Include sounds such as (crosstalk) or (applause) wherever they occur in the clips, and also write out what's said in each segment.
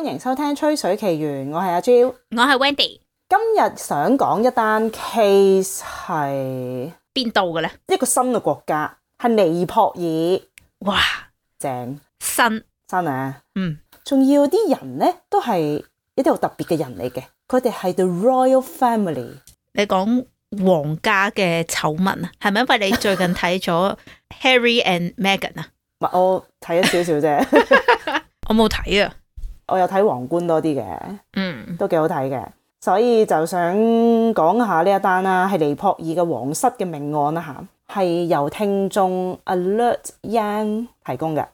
歡迎收聽《吹水奇緣》，我係阿 Jo，我係 Wendy。今日想講一單 case 係邊度嘅咧？一個新嘅國家係尼泊爾，哇，正新，新嚟啊！嗯，仲要啲人咧都係一啲好特別嘅人嚟嘅，佢哋係 The Royal Family。你講皇家嘅醜聞啊？係咪因為你最近睇咗 Harry and Meghan 啊？唔係，我睇咗少少啫，我冇睇啊。我有睇《皇冠》多啲嘅，嗯，都幾好睇嘅，所以就想講下呢一單啦、啊，係尼泊爾嘅皇室嘅命案啦、啊、嚇，係由聽眾 Alert Yang 提供嘅。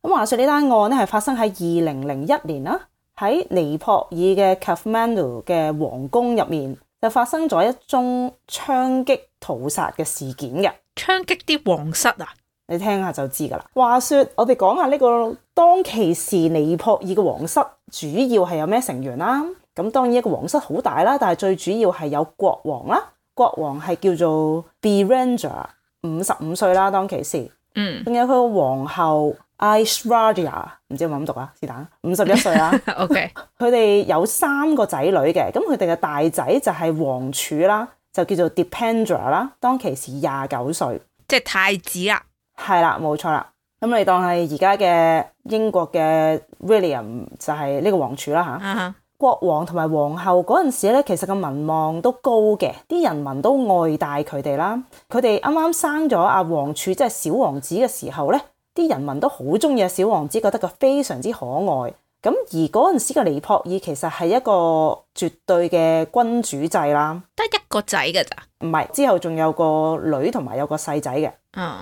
咁話説呢單案咧，係發生喺二零零一年啦、啊，喺尼泊爾嘅 Kathmandu 嘅皇宮入面，就發生咗一宗槍擊屠殺嘅事件嘅，槍擊啲皇室啊！你聽下就知噶啦。話說，我哋講下呢個當其時尼泊爾嘅皇室主要係有咩成員啦、啊。咁當然一個皇室好大啦，但係最主要係有國王啦。國王係叫做 Birendra 五十五歲啦。當其時，嗯，仲有佢個皇后 Israda，唔知有冇咁讀啊？是但，五十一歲啦、啊。 (laughs) OK，佢哋有三個仔女嘅。咁佢哋嘅大仔就係王儲啦，就叫做 Dependra 啦。當其時廿九歲，即係太子啊。係啦，冇錯啦。咁你當係而家嘅英國嘅 William 就係呢個王儲啦吓。Uh huh. 國王同埋皇后嗰陣時咧，其實個民望都高嘅，啲人民都愛戴佢哋啦。佢哋啱啱生咗阿王儲，即係小王子嘅時候咧，啲人民都好中意阿小王子，覺得佢非常之可愛。咁而嗰陣時嘅尼泊爾其實係一個絕對嘅君主制啦，得一個仔噶咋？唔係，之後仲有個女同埋有個細仔嘅。Uh huh.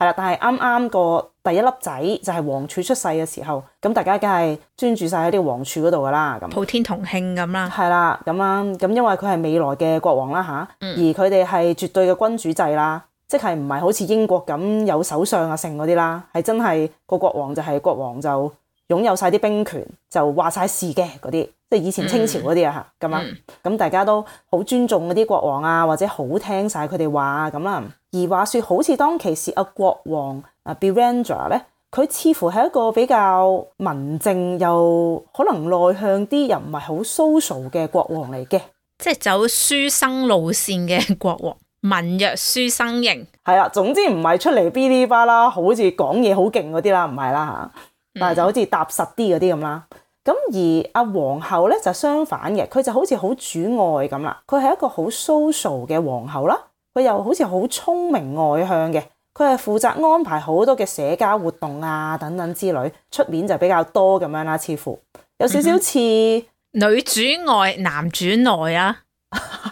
係啦，但係啱啱個第一粒仔就係王儲出世嘅時候，咁大家梗係專注晒喺啲王儲嗰度噶啦，咁普天同慶咁啦，係啦，咁啊，咁因為佢係未來嘅國王啦吓，而佢哋係絕對嘅君主制啦，嗯、即係唔係好似英國咁有首相啊剩嗰啲啦，係真係，個國王就係、係，國王就擁有晒啲兵權，就話晒事嘅嗰啲。即係以前清朝嗰啲啊嚇，咁啊、嗯，咁大家都好尊重嗰啲國王啊，或者好聽晒佢哋話啊咁啊。而話說，好似當其時阿國王啊，Birendra 咧，佢似乎係一個比較文靜又可能內向啲，又唔係好 social 嘅國王嚟嘅，即係走書生路線嘅國王，文弱書生型。係啊，總之唔係出嚟噼哩啪啦，好似講嘢好勁嗰啲啦，唔係啦嚇，但係就好似踏實啲嗰啲咁啦。咁而阿皇后咧就相反嘅，佢就好似好主外咁啦，佢係一個好 social 嘅皇后啦，佢又好似好聰明外向嘅，佢係負責安排好多嘅社交活動啊等等之類，出面就比較多咁樣啦，似乎有少少似、嗯、女主外男主內啊，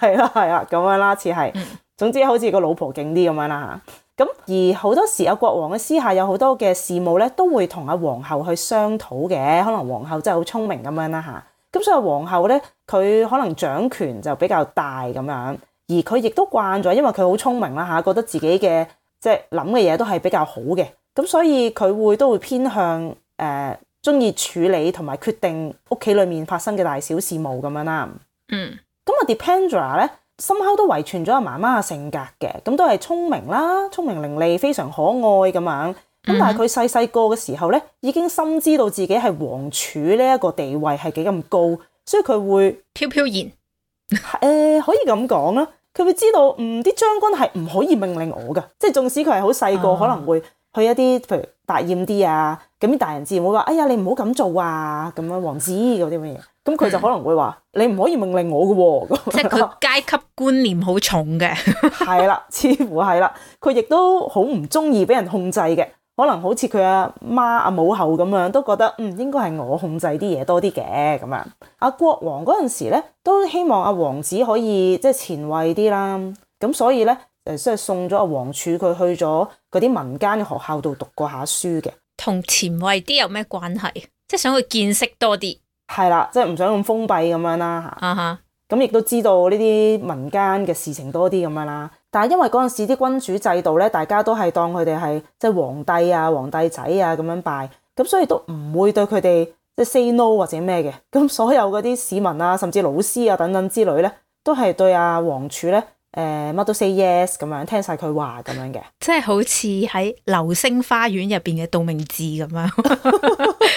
係啦係啦咁樣啦、啊，似係，總之好似個老婆勁啲咁樣啦、啊、吓。咁而好多時阿國王嘅私下有好多嘅事務咧，都會同阿皇后去商討嘅。可能皇后真係好聰明咁樣啦吓，咁所以皇后咧，佢可能掌權就比較大咁樣。而佢亦都慣咗，因為佢好聰明啦吓，覺得自己嘅即係諗嘅嘢都係比較好嘅。咁所以佢會都會偏向誒鍾意處理同埋決定屋企裏面發生嘅大小事務咁樣啦。嗯。咁啊，Dependra 咧？深刻都遺傳咗阿媽媽嘅性格嘅，咁都係聰明啦，聰明伶俐，非常可愛咁樣。咁但係佢細細個嘅時候咧，已經深知道自己係王儲呢一個地位係幾咁高，所以佢會飄飄然。誒、呃，可以咁講啦，佢會知道，嗯，啲將軍係唔可以命令我㗎，即係縱使佢係好細個，可能會去一啲，譬如大厭啲啊。咁啲大人自然會話，哎呀，你唔好咁做啊！咁樣王子嗰啲乜嘢，咁佢就可能會話，你唔可以命令我嘅啊。即係佢階級觀念好重嘅，係 (laughs) 啦，似乎係啦。佢亦都好唔中意俾人控制嘅，可能好似佢阿媽阿母后咁樣，都覺得嗯，應該係我控制啲嘢多啲嘅。咁樣，阿國王嗰陣時咧，都希望阿王子可以即係、就是、前衛啲啦。咁所以咧，誒，即係送咗阿王儲佢去咗嗰啲民間嘅學校度讀過下書嘅。同前衛啲有咩關係？即係想去見識多啲，係啦，即係唔想咁封閉咁樣啦吓。咁亦都知道呢啲民間嘅事情多啲咁樣啦。但係因為嗰陣時啲君主制度咧，大家都係當佢哋係即係皇帝啊、皇帝仔啊咁樣拜，咁所以都唔會對佢哋即係 say no 或者咩嘅。咁所有嗰啲市民啊，甚至老師啊等等之類咧，都係對阿王儲咧。誒，乜、呃、都 say yes 咁樣，聽晒佢話咁樣嘅，即係好似喺流星花園入邊嘅道明寺咁樣，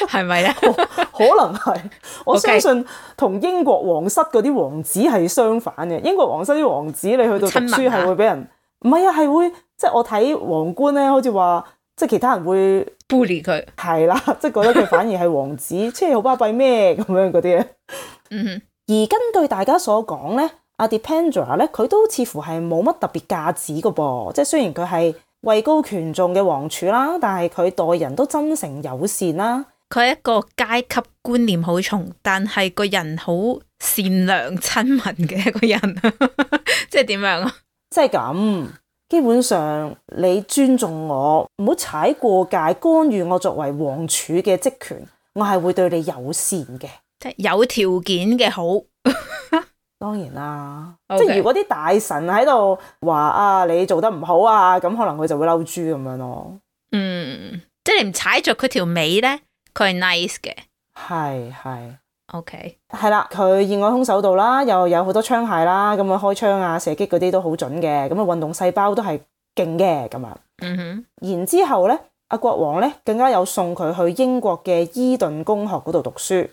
係咪咧？可能係， (laughs) 我相信同英國皇室嗰啲王子係相反嘅。英國皇室啲王子你去到出書係會俾人唔係啊，係會即係我睇皇冠咧，好似話即係其他人會 bully 佢，係啦，即係覺得佢反而係王子，即係好巴閉咩咁樣嗰啲嗯哼，而根據大家所講咧。阿 Dipendra 咧，佢都似乎係冇乜特別架值架子嘅噃，即係雖然佢係位高權重嘅王儲啦，但係佢待人都真誠友善啦。佢係一個階級觀念好重，但係個人好善良親民嘅一個人， (laughs) 即係點樣啊？即係咁，基本上你尊重我，唔好踩過界干預我作為王儲嘅職權，我係會對你友善嘅，即係有條件嘅好。 (laughs) 當然啦，Okay. 即係如果啲大神喺度話啊，你做得唔好啊，咁可能佢就會嬲豬咁樣咯。嗯，即係你唔踩着佢條尾咧，佢係 nice 嘅。係係，OK，係啦，佢意外空手道啦，又有好多槍械啦，咁樣開槍啊、射擊嗰啲都好準嘅，咁啊運動細胞都係勁嘅咁啊。嗯哼，mm hmm. 然之後咧，阿國王咧更加有送佢去英國嘅伊頓公學嗰度讀書。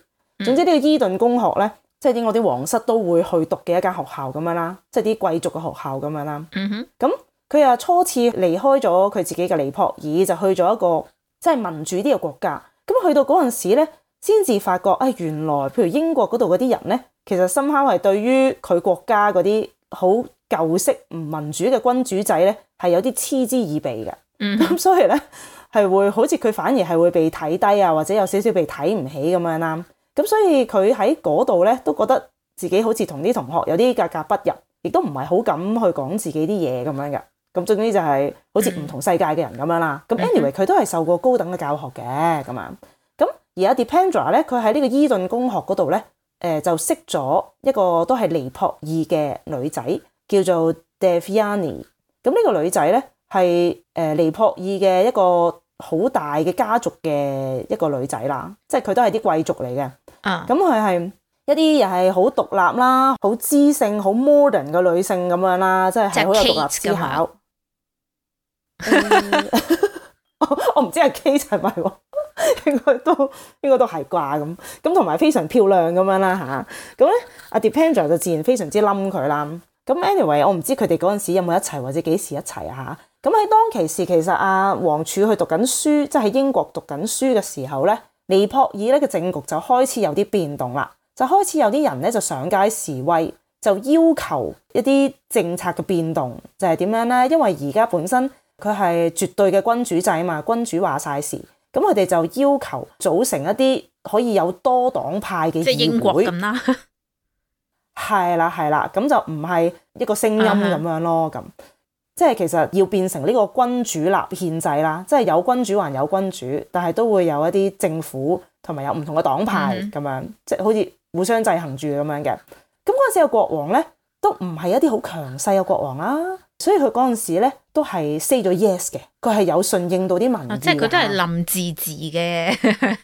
總之呢個伊頓公學咧。即係啲我哋皇室都會去讀嘅一間學校咁樣啦，即係啲貴族嘅學校咁樣啦。嗯哼、mm。咁、hmm. 佢又初次離開咗佢自己嘅尼泊爾，就去咗一個即係民主啲嘅國家。咁去到嗰陣時咧，先至發覺，誒、哎，原來譬如英國嗰度嗰啲人咧，其實深刻係對於佢國家嗰啲好舊式唔民主嘅君主制咧，係有啲嗤之以鼻嘅。嗯、mm。咁、hmm. 所以咧，係會好似佢反而係會被睇低啊，或者有少少被睇唔起咁樣啦。咁所以佢喺嗰度咧，都覺得自己好似同啲同學有啲格格不入，亦都唔係好敢去講自己啲嘢咁樣嘅。咁總之就係好似唔同世界嘅人咁樣啦。咁 anyway 佢都係受過高等嘅教學嘅咁樣。咁而阿 Dependra 咧，佢喺呢個伊頓公學嗰度咧，誒就識咗一個都係尼泊爾嘅女仔，叫做 Deviani。咁呢個女仔咧係誒尼泊爾嘅一個好大嘅家族嘅一個女仔啦，即係佢都係啲貴族嚟嘅。啊，咁佢係一啲又係好獨立啦，好知性、好 modern 嘅女性咁樣啦，即係好有獨立思考。我我唔知係 Kate 係咪喎？應該都應該都係啩咁咁，同埋非常漂亮咁樣啦吓，咁、啊、咧，阿 Dipendra 就自然非常之冧佢啦。咁 Anyway，我唔知佢哋嗰陣時有冇一齊或者幾時一齊啊嚇。咁喺當其時，其實阿王儲去讀緊書，即係喺英國讀緊書嘅時候咧，尼泊爾咧嘅政局就開始有啲變動啦，就開始有啲人咧就上街示威，就要求一啲政策嘅變動，就係、是、點樣咧？因為而家本身佢係絕對嘅君主制啊嘛，君主話晒事，咁佢哋就要求組成一啲可以有多黨派嘅議會，即係英國咁啦、啊，係啦係啦，咁就唔係一個聲音咁樣咯，咁、uh。Huh. 即係其實要變成呢個君主立憲制啦，即係有君主還有君主，但係都會有一啲政府同埋有唔同嘅黨派咁樣，mm hmm. 即係好似互相制衡住咁樣嘅。咁嗰陣時嘅國王咧，都唔係一啲好強勢嘅國王啦、啊，所以佢嗰陣時咧都係 say 咗 yes 嘅，佢係有順應到啲民意。即係佢都係臨時治嘅。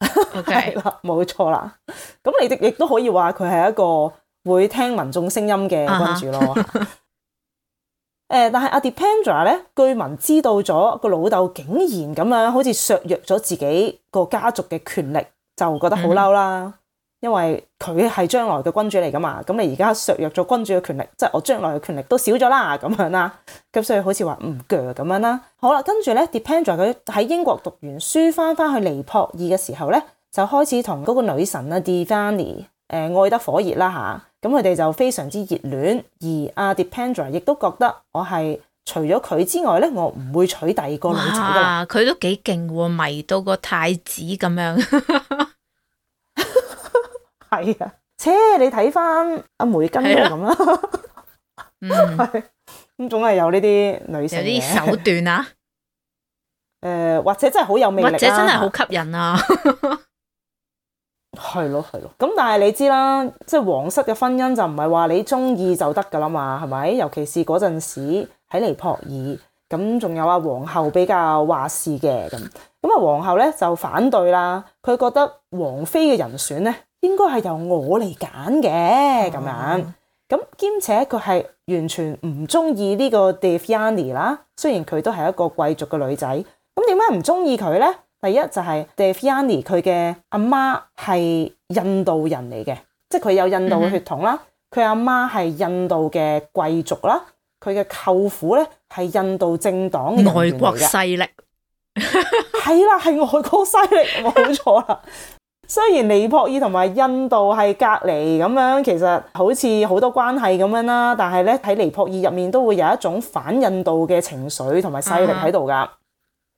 (laughs) (laughs) o Okay .啦，冇錯啦。咁你亦亦都可以話佢係一個會聽民眾聲音嘅君主咯。Uh huh. (laughs) 誒，但係阿 Dipendra 咧，據聞知道咗個老豆竟然咁樣，好似削弱咗自己個家族嘅權力，就覺得好嬲啦。因為佢係將來嘅君主嚟噶嘛，咁你而家削弱咗君主嘅權力，即係我將來嘅權力都少咗啦，咁樣啦，咁所以好似話唔鋸咁樣啦。好啦，跟住咧，Dipendra 佢喺英國讀完書，翻翻去尼泊爾嘅時候咧，就開始同嗰個女神啊，Devani 誒、呃、愛得火熱啦吓。咁佢哋就非常之熱戀，而阿 Dipendra 亦都覺得我係除咗佢之外咧，我唔會娶第二個女仔噶。佢都幾勁喎，迷到個太子咁樣。係 (laughs) 啊， (laughs) 切！你睇翻阿梅根咁啊，嗯，咁 (laughs) 總係有呢啲女性啲手段啊。誒、呃，或者真係好有魅力，啊，或者真係好吸引啊。 (laughs) 係咯，係咯。咁但係你知啦，即係皇室嘅婚姻就唔係話你中意就得㗎啦嘛，係咪？尤其是嗰陣時喺尼泊爾，咁仲有啊皇后比較話事嘅咁，咁啊皇后咧就反對啦。佢覺得皇妃嘅人選咧應該係由我嚟揀嘅咁樣。咁兼且佢係完全唔中意呢個 Devyani 啦。雖然佢都係一個貴族嘅女仔，咁點解唔中意佢咧？第一就係、是、Devyani 佢嘅阿媽係印度人嚟嘅，即係佢有印度血統啦。佢阿媽係印度嘅貴族啦，佢嘅舅父咧係印度政黨嘅 (laughs) 外國勢力，係啦係外國勢力冇錯啦。 (laughs) 雖然尼泊爾同埋印度係隔離咁樣，其實好似好多關係咁樣啦，但係咧喺尼泊爾入面都會有一種反印度嘅情緒同埋勢力喺度噶，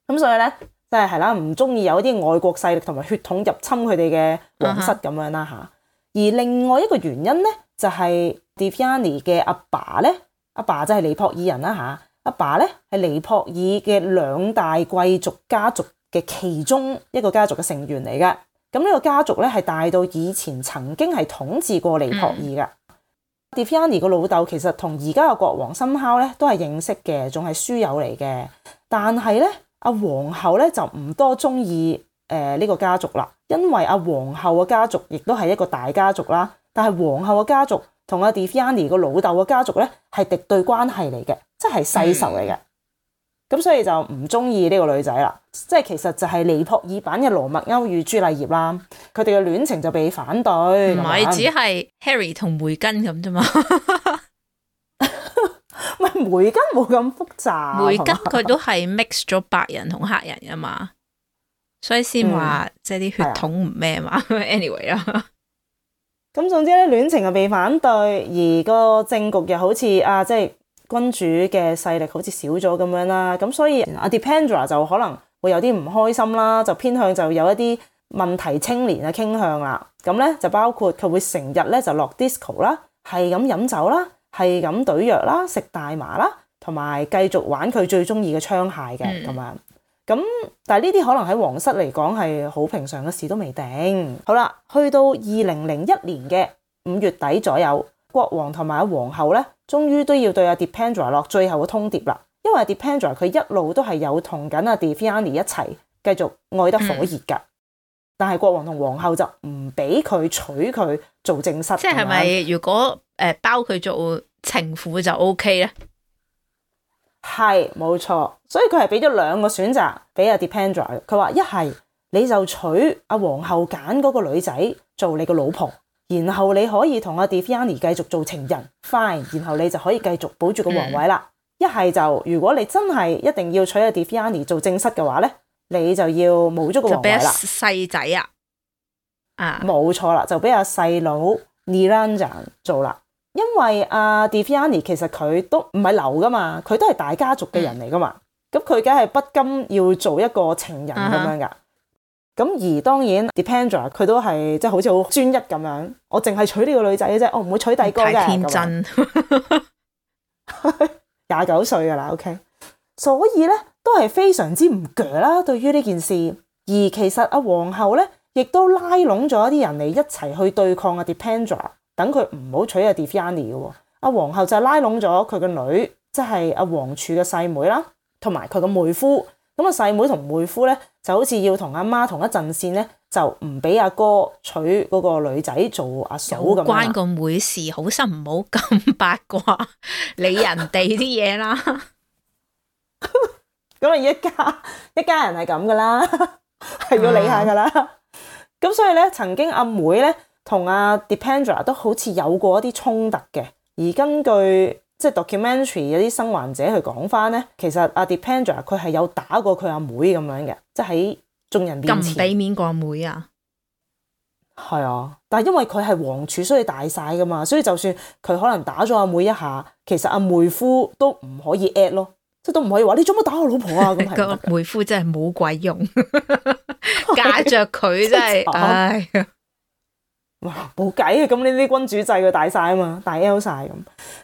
咁、嗯、所以咧。即係係啦，唔中意有一啲外國勢力同埋血統入侵佢哋嘅皇室咁、uh huh. 樣啦嚇。而另外一個原因咧，就係 Devyani 嘅阿爸咧，阿爸即係尼泊爾人啦嚇。阿爸咧係尼泊爾嘅兩大貴族家族嘅其中一個家族嘅成員嚟嘅。咁呢個家族咧係大到以前曾經係統治過尼泊爾嘅。Devyani 個老豆其實同而家嘅國王辛孝咧，都係認識嘅，仲係書友嚟嘅。但係咧。阿皇后咧就唔多中意誒呢個家族啦，因為阿皇后嘅家族亦都係一個大家族啦，但係皇后嘅家族同阿 Devyani 個老豆嘅家族咧係敵對關係嚟嘅，即係世仇嚟嘅。咁 (laughs) 所以就唔中意呢個女仔啦，即係其實就係尼泊爾版嘅羅密歐與朱麗葉啦，佢哋嘅戀情就被反對，唔係不吧只係 Harry 同梅根咁啫嘛。 (laughs) 梅根冇咁複雜，梅根佢都係 mix 咗白人同黑人噶嘛，所以先話即係啲血統唔咩嘛。嗯、 (laughs) anyway 啊，咁總之咧，戀情又被反對，而個政局又好似啊，即係君主嘅勢力好似少咗咁樣啦。咁所以阿 Dependra 就可能會有啲唔開心啦，就偏向就有一啲問題青年嘅傾向啦。咁咧就包括佢會成日咧就落 disco 啦，係咁飲酒啦。係咁懟藥啦，食大麻啦，同埋繼續玩佢最中意嘅槍械嘅咁、嗯、樣。咁但係呢啲可能喺皇室嚟講係好平常嘅事都未定。好啦，去到二零零一年嘅五月底左右，國王同埋阿皇后咧，終於都要對阿 Dependra 落最後嘅通牒啦。因為 Dependra 佢一路都係有同緊阿 Devyani 一齊繼續愛得火熱噶，嗯、但係國王同皇后就唔俾佢娶佢做正室。即係係咪如果？誒，包佢做情婦就 O K 啦，係冇錯，所以佢係俾咗兩個選擇俾阿 Dipendra，佢話一係你就娶阿皇后揀嗰個女仔做你個老婆，然後你可以同阿 Devyani 繼續做情人，fine，然後你就可以繼續保住個皇位啦。一係、嗯、就如果你真係一定要娶阿 Devyani 做正室嘅話咧，你就要冇咗個皇位啦，細仔啊，啊，冇錯啦，就俾阿細佬 Nirajan 做啦。因為阿 Daphiani 其實佢都唔係流噶嘛，佢都係大家族嘅人嚟噶嘛，咁佢梗係不甘要做一個情人咁樣噶。咁、啊、哈而當然，Dipendra 佢都係即係好似好專一咁樣，我淨係娶呢個女仔嘅啫，我唔會娶第二個嘅。天真廿九歲噶啦，OK。所以咧都係非常之唔鋸啦，對於呢件事。而其實阿、啊、皇后咧亦都拉攏咗一啲人嚟一齊去對抗阿、啊、Dipendra。等佢唔好娶阿 Devyani 嘅喎，阿皇后就拉攏咗佢嘅女，即係阿王儲嘅細妹啦，同埋佢嘅妹夫。咁啊，細妹同妹，妹夫咧，就好似要同阿媽同一陣線咧，就唔俾阿哥娶嗰個女仔做阿嫂咁樣。關個妹事， (laughs) 好心唔好咁八卦理人哋啲嘢啦。咁啊， (laughs) 一家一家人係咁噶啦，係要理下噶啦。咁、嗯、所以咧，曾經阿妹咧。同阿 Dependra 都好似有過一啲衝突嘅，而根據即係 documentary 有啲生還者去講翻咧，其實阿 Dependra 佢係有打過佢阿妹咁樣嘅，即係喺眾人面前俾面個阿妹啊，係啊，但係因為佢係王儲，所以大晒噶嘛，所以就算佢可能打咗阿妹一下，其實阿妹夫都唔可以 at 咯，即係都唔可以話你做乜打我老婆啊咁，係咪？ (laughs) 的 (laughs) 妹夫真係冇鬼用， (laughs) 假着佢真係， (laughs) 真慘哎哇，冇計啊！咁呢啲君主制佢大晒啊嘛，大 L 晒咁，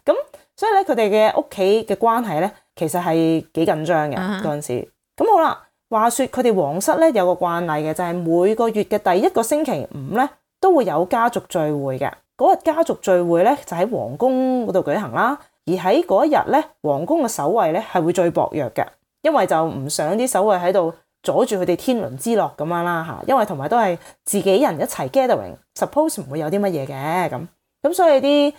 咁所以咧佢哋嘅屋企嘅關係咧，其實係幾緊張嘅嗰陣時。咁好啦，話說佢哋皇室咧有個慣例嘅，就係每個月嘅第一個星期五咧，都會有家族聚會嘅。嗰日家族聚會咧就喺皇宮嗰度舉行啦。而喺嗰一日咧，皇宮嘅守衞咧係會最薄弱嘅，因為就唔想啲守衞喺度。阻住佢哋天倫之樂咁樣啦嚇，因為同埋都係自己人一齊 gathering，suppose 唔會有啲乜嘢嘅咁，咁所以啲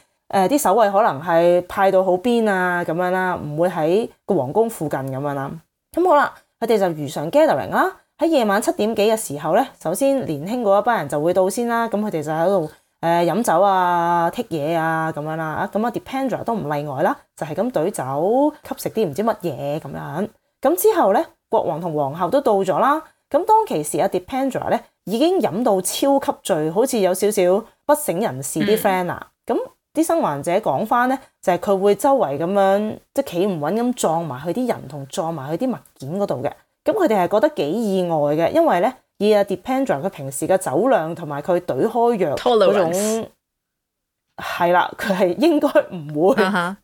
誒啲守衞可能係派到好邊啊咁樣啦，唔會喺個皇宮附近咁樣啦。咁好啦，佢哋就如常 gathering 啦。喺夜晚七點幾嘅時候咧，首先年輕嗰一班人就會到先啦，咁佢哋就喺度誒飲酒啊、剔嘢啊咁樣啦。啊咁啊，Dependra 都唔例外啦，就係咁隊酒，吸食啲唔知乜嘢咁樣。咁之後咧。國王同皇后都到咗啦，咁當其時阿 Dipendra 咧，已經飲到超級醉，好似有少少不省人事啲 friend 啊，咁啲、嗯、生還者講翻咧就係、是、佢會周圍咁樣即係企唔穩咁撞埋去啲人同撞埋去啲物件嗰度嘅，咁佢哋係覺得幾意外嘅，因為咧以阿 Dipendra 佢平時嘅酒量同埋佢對開藥嗰種。係啦，佢係應該唔會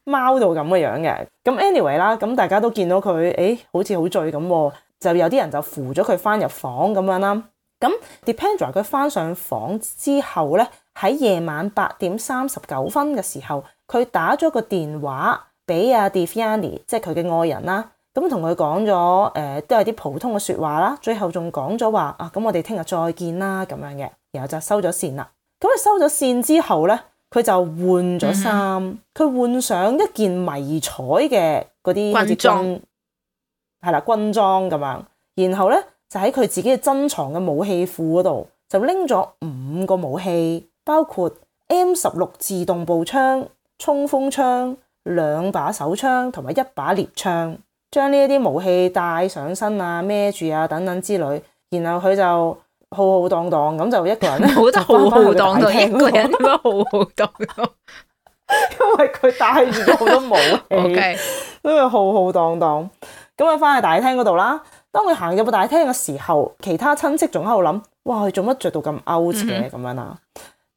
貓到咁嘅樣嘅。咁、uh huh. anyway 啦，咁大家都見到佢，誒、哎、好似好醉咁、啊，就有啲人就扶咗佢翻入房咁樣啦。咁 Dependra 佢翻上房之後咧，喺夜晚八點三十九分嘅時候，佢打咗個電話俾阿 Diani，即係佢嘅愛人啦。咁同佢講咗誒都係啲普通嘅說話啦。最後仲講咗話啊，咁我哋聽日再見啦咁樣嘅，然後就收咗線啦。咁佢收咗線之後咧。佢就換咗衫，佢、嗯、換上一件迷彩嘅嗰啲軍裝，係啦軍裝咁樣，然後咧就喺佢自己嘅珍藏嘅武器庫嗰度，就拎咗五個武器，包括 M 十六自動步槍、衝鋒槍、兩把手槍同埋一把獵槍，將呢一啲武器帶上身啊、孭住啊等等之類，然後佢就。浩浩蕩蕩咁就一個人、那個，好得浩浩蕩蕩，一個人都浩浩蕩蕩，蕩，因為佢戴住好多帽，O K，咁啊浩浩蕩蕩咁啊翻去大廳嗰度啦。當佢行入個大廳嘅時候，其他親戚仲喺度諗，哇，佢做乜着到咁 out 嘅咁樣啊！」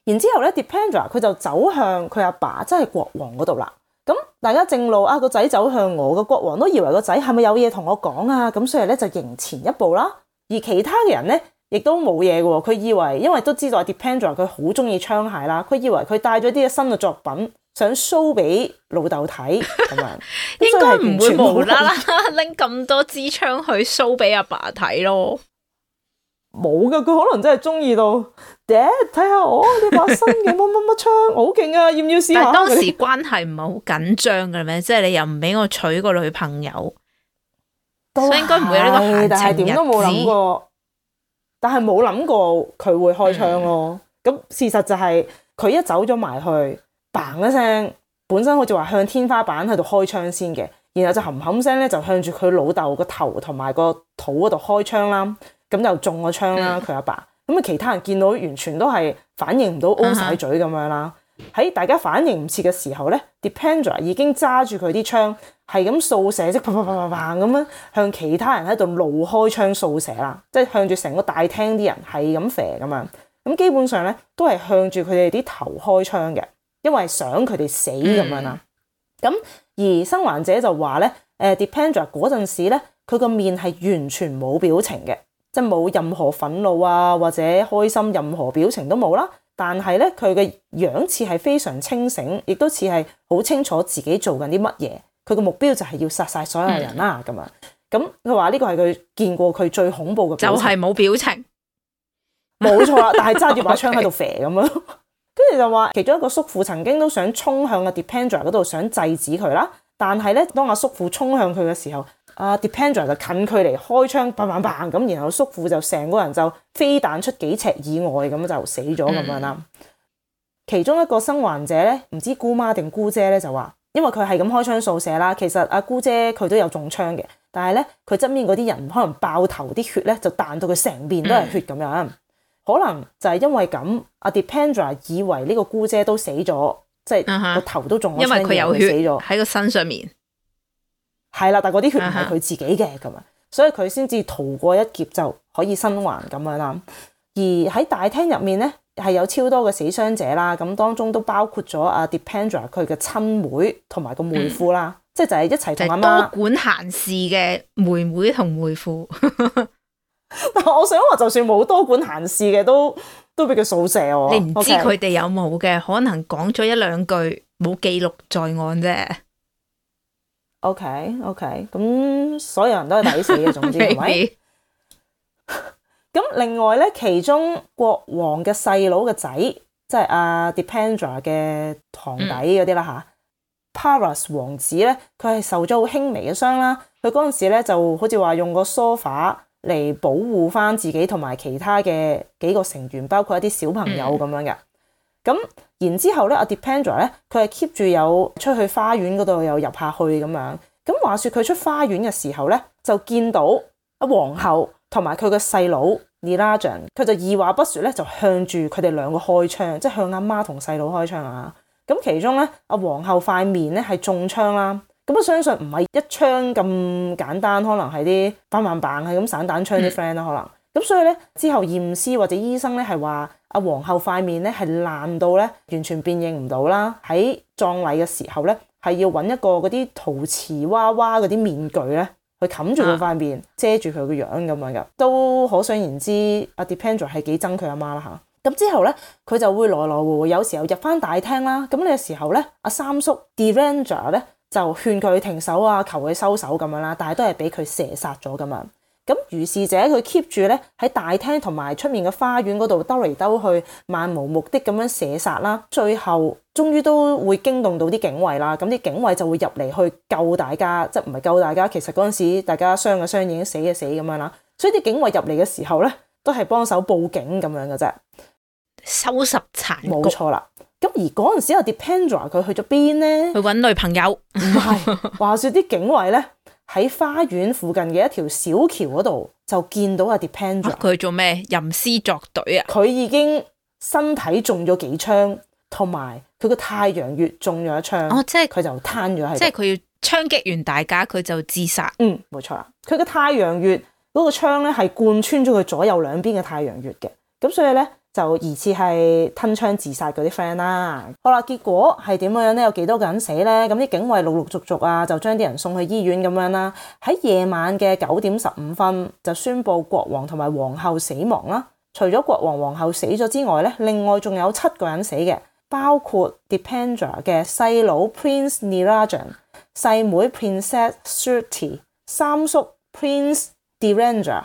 然之後咧，Dependra 佢就走向佢阿爸，爸，即係國王嗰度啦。咁大家正路啊，個仔走向我個國王，都以為個仔係咪有嘢同我講啊？咁所以咧就迎前一步啦。而其他嘅人咧。亦都冇嘢嘅喎，佢以為，因為都知道啊，Dipendra 佢好中意槍械啦，佢以為佢帶咗啲新嘅作品想 show 俾老豆睇， (laughs) 咁樣 (laughs) 應該唔會無啦啦拎咁多支槍去 show 俾阿爸睇咯。冇嘅，佢可能真係中意到，爹睇下我呢把新嘅乜乜乜槍，好勁 (laughs) 啊，要唔要試下？但係當時關係唔係好緊張嘅咩？ (laughs) 即係你又唔俾我娶個女朋友，是所以應該唔會有呢個閒情日子。但係冇諗過佢會開槍咯，咁事實就係、是、佢一走咗埋去，砰一聲，本身好似話向天花板喺度開槍先嘅，然後就冚冚聲咧就向住佢老豆個頭同埋個肚嗰度開槍啦，咁就中咗槍啦佢阿爸，咁啊其他人見到完全都係反應唔到，o 曬嘴咁、uh huh. 樣啦。喺大家反應唔切嘅時候咧 d e p e n d r a 已經揸住佢啲槍，係咁掃，掃射，即啪啪啪啪啪咁樣向其他人喺度怒開槍掃射啦，即係向住成個大廳啲人係咁射咁樣。咁基本上咧都係向住佢哋啲頭開槍嘅，因為想佢哋死咁樣啦。咁而生還者就話咧，誒 Depender 嗰陣時咧，佢個面係完全冇表情嘅，即係冇任何憤怒啊或者開心，任何表情都冇啦。但係咧，佢嘅樣似係非常清醒，亦都似係好清楚自己做緊啲乜嘢。佢嘅目標就係要殺晒所有人啦。咁啊、嗯，咁佢話呢個係佢見過佢最恐怖嘅，就係冇表情，冇 (laughs) 錯啦。但係揸住把槍喺度肥咁樣，跟住就話其中一個叔父曾經都想衝向個 Dipendra 嗰度想制止佢啦，但係咧當阿叔父衝向佢嘅時候。阿、uh, Dependra 就近距離開槍嘭嘭嘭，g 咁，然後叔父就成個人就飛彈出幾尺以外，咁就死咗咁樣啦。嗯、其中一個生還者咧，唔知姑媽定姑姐咧就話，因為佢係咁開槍掃射啦。其實阿姑姐佢都有中槍嘅，但係咧佢側面嗰啲人可能爆頭啲血咧，就彈到佢成面都係血咁樣。嗯、可能就係因為咁，阿 Dependra、uh huh, 以為呢個姑姐都死咗，即係個頭都中槍，因為佢有血喺個身上面。係啦，但係嗰啲血唔係佢自己嘅咁樣，uh huh. 所以佢先至逃過一劫，就可以生還咁樣啦。而喺大廳入面咧，係有超多嘅死傷者啦。咁當中都包括咗阿 Dependra 佢嘅親妹同埋個妹夫啦，即係就係一齊同阿媽多管閒事嘅妹妹同妹夫。但我想話，就算冇多管閒事嘅，都都俾佢掃射我。我你唔知佢哋有冇嘅，Okay. 可能講咗一兩句，冇記錄在案啫。OK，OK，咁所有人都係抵死嘅，總之係咪？咁另外咧，其中國王嘅細佬嘅仔，即係、啊、阿 Dipendra 嘅堂弟嗰啲啦吓 Paras、嗯、王子咧，佢係受咗好輕微嘅傷啦。佢嗰陣時咧，就好似話用個梳化嚟保護翻自己同埋其他嘅幾個成員，包括一啲小朋友咁樣嘅。嗯咁然之後咧，阿 Dipendra 咧，佢係 keep 住有出去花園嗰度又入下去咁樣。咁話說佢出花園嘅時候咧，就見到阿皇后同埋佢嘅細佬尼拉將，佢就二話不說咧，就向住佢哋兩個開槍，即係向阿媽同細佬開槍啊！咁其中咧，阿皇后塊面咧係中槍啦。咁啊，我相信唔係一槍咁簡單，可能係啲粉彈棒係咁散彈槍啲 friend 啦，可能。咁 (noise) 所以咧，之後驗屍或者醫生咧係話，阿皇后塊面咧係爛到咧完全辨認唔到啦，喺葬禮嘅時候咧係要揾一個嗰啲陶瓷娃娃嗰啲面具咧去冚住佢塊面，遮住佢個樣咁樣嘅，都可想而知，阿 Dipendra 係幾憎佢阿媽啦嚇。咁之後咧，佢就會來來回回，有時候入翻大廳啦，咁嘅時候咧，阿三叔 Dipendra 咧就勸佢停手啊，求佢收手咁樣啦，但係都係俾佢射殺咗咁樣。咁如是者，佢 keep 住咧喺大廳同埋出面嘅花園嗰度兜嚟兜去，漫無目的咁樣射殺啦。最後終於都會驚動到啲警衛啦。咁啲警衛就會入嚟去救大家，即係唔係救大家？其實嗰陣時大家傷嘅傷已經死嘅死咁樣啦。所以啲警衛入嚟嘅時候咧，都係幫手報警咁樣嘅啫。收拾殘局，冇錯啦。咁而嗰陣時有 Dependra 佢去咗邊咧？去搵女朋友。唔 (laughs) 係，話說啲警衛咧。喺花園附近嘅一條小橋嗰度，就見到阿 Depend。佢做咩？吟詩作對啊！佢、啊、已經身體中咗幾槍，同埋佢個太陽穴中咗一槍。哦，即係佢就癱咗喺度。即係佢要槍擊完大家，佢就自殺。嗯，冇錯啦。佢個太陽穴嗰個槍咧，係貫穿咗佢左右兩邊嘅太陽穴嘅。咁所以咧。就疑似係吞槍自殺嗰啲 friend 啦，好啦，結果係點樣咧？有幾多個人死咧？咁啲警衞陸陸續續啊，就將啲人送去醫院咁樣啦。喺夜晚嘅九點十五分，就宣布國王同埋皇后死亡啦。除咗國王皇后死咗之外咧，另外仲有七個人死嘅，包括 Dependra 嘅細佬 Prince Nirajan、細妹 Princess Shruti、三叔 Prince Dhirendra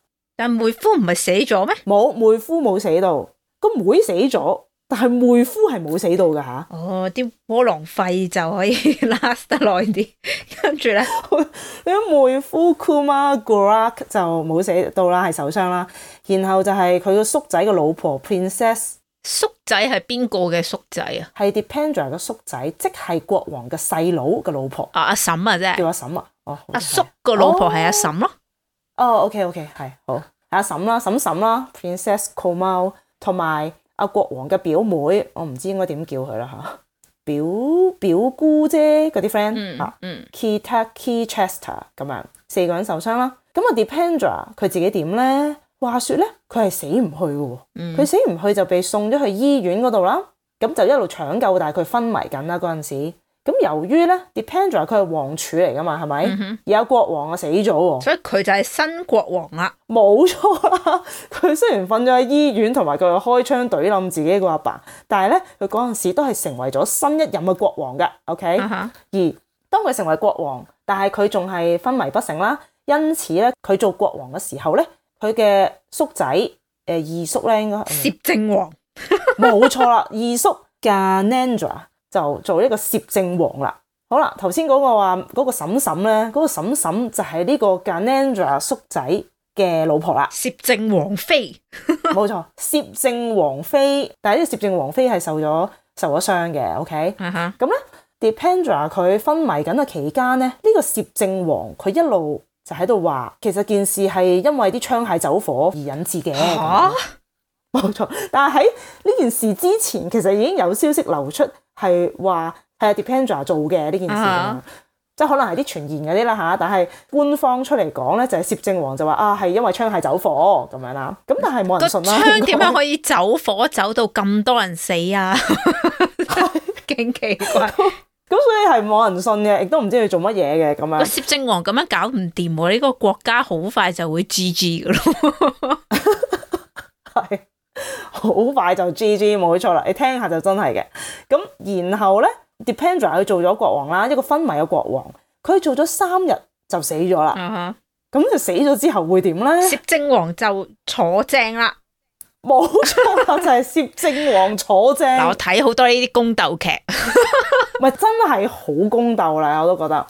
但妹夫唔係死咗咩？冇，妹夫冇死到，個妹，妹死咗，但係妹夫係冇死到噶吓。哦，啲窩囊廢就可以 last 得耐啲。跟住咧，啲 (laughs) 妹夫 Kumar Gurak 就冇死到啦，係受傷啦。然後就係佢個叔仔嘅老婆 Princess。叔仔係邊個嘅叔仔啊？係 Dipendra 嘅叔仔，即係國王嘅細佬嘅老婆。啊，阿嬸啊啫，叫阿嬸啊。阿嬸哦，阿叔個老婆係阿嬸咯。哦，OK，OK，okay, okay, 係好，阿嬸啦，嬸嬸啦，Princess Komal 同埋阿國王嘅表妹，我唔知應該點叫佢啦表表姑姐，嗰啲 friend 嗯,、啊、嗯 Ketaki Chester 咁樣四個人受傷啦，咁阿 Dipendra 佢自己點咧？話說咧，佢係死唔去喎，佢、嗯、死唔去就被送咗去醫院嗰度啦，咁就一路搶救，但係佢昏迷緊啦嗰陣時。咁由於咧，Dependra 佢係王儲嚟噶嘛，係咪？嗯、哼而有國王啊死咗喎，所以佢就係新國王啦。冇錯啦，佢雖然瞓咗喺醫院，同埋佢開槍懟冧自己個阿爸，爸，但係咧，佢嗰陣時都係成為咗新一任嘅國王嘅。OK，、嗯、哼而當佢成為國王，但係佢仲係昏迷不醒啦，因此咧，佢做國王嘅時候咧，佢嘅叔仔誒二叔咧應該攝政王，冇 (laughs) 錯啦，二叔 Ganendra 就做呢個攝政王啦。好啦，頭先嗰個話嗰、那個嬸嬸咧，嗰、那個嬸嬸就係呢個 Gyanendra 叔仔嘅老婆啦。攝政王妃，冇 (laughs) 錯，攝政王妃。但係呢個攝政王妃係受咗受咗傷嘅。OK，咁咧、uh huh.，Dependra 佢昏迷緊嘅期間咧，呢、這個攝政王佢一路就喺度話，其實件事係因為啲槍械走火而引致嘅。吓、 (laughs) 嗯，冇錯。但係喺呢件事之前，其實已經有消息流出。係話係啊 Dipendra 做嘅呢件事，uh huh. 即係可能係啲傳言嗰啲啦嚇。但係官方出嚟講咧，就係、是、攝政王就話啊，係因為槍係走火咁樣啦。咁但係冇人信啦。槍點樣可以走火走到咁多人死啊？勁 (laughs) 是奇怪！咁 (laughs) 所以係冇人信嘅，亦都唔知佢做乜嘢嘅咁樣。個攝政王咁樣搞唔掂，呢、這個國家好快就會 GG 咯。係。 (laughs) (laughs) 好快就 GG，冇錯啦，你聽下就真係嘅。咁然後咧，Dipendra 佢做咗國王啦，一個昏迷嘅國王，佢做咗三日就死咗啦。咁佢、嗯、哼死咗之後會點咧？攝政王就坐正啦，冇錯就係、是、攝政王坐正。 (laughs) 我睇好多呢啲宮鬥劇，咪 (laughs) 真係好宮鬥啦，我都覺得呢、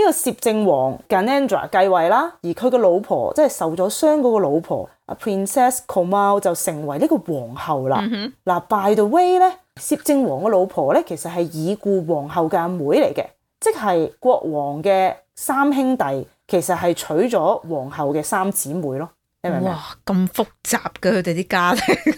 這個攝政王 Gyanendra 繼位啦，而佢個老婆即係受咗傷嗰個老婆。Princess Komal 就成為呢個皇后啦。嗱、嗯哼啊，by the way 咧，攝政王嘅老婆咧，其實係已故皇后嘅阿妹嚟嘅，即係國王嘅三兄弟其實係娶咗皇后嘅三姊妹咯。你明唔明？哇，咁複雜嘅佢哋啲家庭。 (laughs)